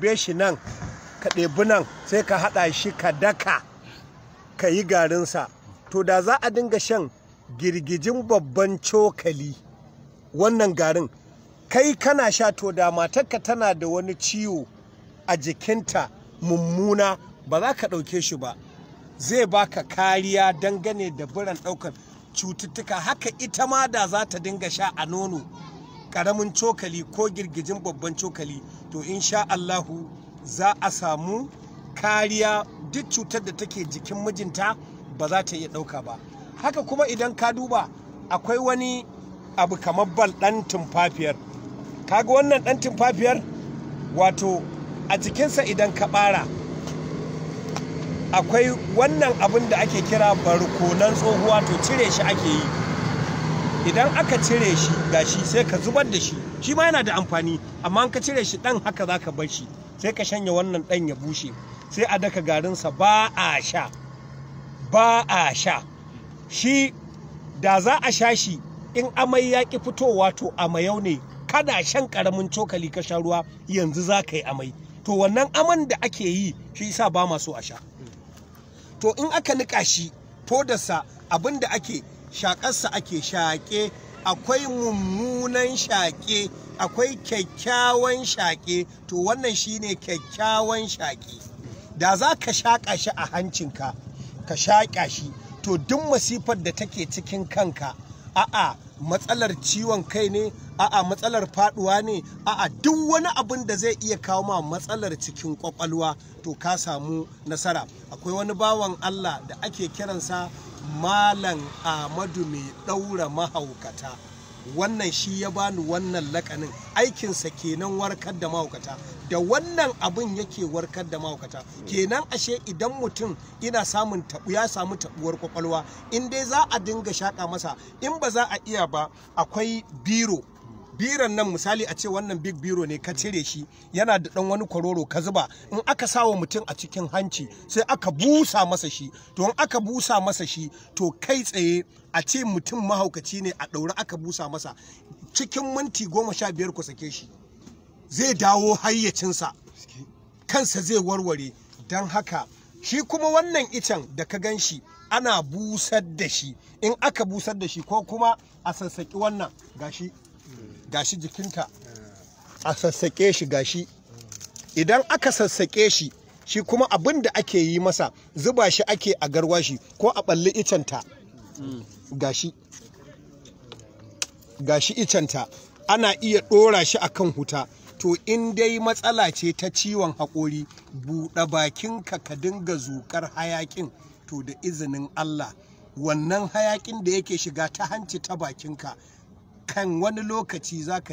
be shi nan ka ɗebi nan sai ka haɗa shi ka daka ka yi garinsa to da za a dinga shan girgijin babban cokali wannan garin kai kana sha to da matarka tana da wani ciwo a jikinta mummuna ba za ka ɗauke shi ba zai baka kariya dangane da biran ɗaukar cututtuka haka ita ma da za ta dinga sha a nono karamin cokali ko girgijin babban cokali to insha Allahu za a samu kariya duk cutar da take jikin mijinta ba za ta iya ɗauka ba haka kuma idan ka duba akwai wani abu kamar bal ɗan tumfafiyar kaga wannan ɗan tumfafiyar wato a jikinsa idan ka ɓara akwai wannan abin da ake kira barkonan tsohuwa to cire shi ake yi idan aka cire shi gashi sai ka zubar da shi shi ma yana da amfani amma an ka cire shi dan haka zaka bar shi sai ka shanya wannan dan ya bushe sai a daka garinsa ba a sha ba a sha shi da za a sha shi in amai ya ki fitowa to amayau ne kada shan karamin cokali ka sha ruwa yanzu za ka yi amai to wannan aman da ake yi shi yasa ba ma so a sha to in aka nika shi fodarsa abin da ake shaƙarsa ake shaƙe akwai mummunan shaƙe akwai kyakkyawan shaƙe to wannan shine kyakkyawan shaƙe da za ka shaƙa shi a hancinka ka shaƙa shi to duk masifar da take cikin kanka a'a matsalar ciwon kai ne a'a matsalar faduwa ne a'a duk wani abin da zai iya kawo ma matsalar cikin kwakwalwa to ka samu nasara akwai wani bawan Allah da ake kiransa malam ahmadu mai ɗaura mahaukata wannan shi ya bani wannan lakanin aikinsa kenan warkar da mahaukata da wannan abin yake warkar da mahaukata kenan ashe idan mutum ina samun tabu ya samu tabuwar kwakwalwa in dai za a dinga shaƙa masa in ba za a iya ba akwai biro biran nan misali a ce wannan big biro ne ka cire shi yana da dan wani kwaroro ka zuba in aka sawa mutum a cikin hanci sai aka busa masa shi to in aka busa masa shi to kai tsaye a ce mutum mahaukaci ne a ɗaure aka busa masa cikin minti goma sha biyar ku sake shi zai dawo hayyacinsa kansa zai warware don haka shi kuma wannan icen da ka gan shi ana busar da shi in aka busar da shi ko kuma a sassaƙi wannan gashi gashi jikinka a sassaƙe shi gashi idan aka sassaƙe shi shi kuma abin da ake yi masa zuba shi ake a garwa shi, ko a balli icenta gashi gashi icenta ana iya ɗora shi a kan huta to in dai matsala ce ta ciwon haƙori buɗe bakinka ka dinga zuƙar hayaƙin to da izinin Allah wannan hayaƙin da yake shiga ta hanci ta bakinka kan wani lokaci za ka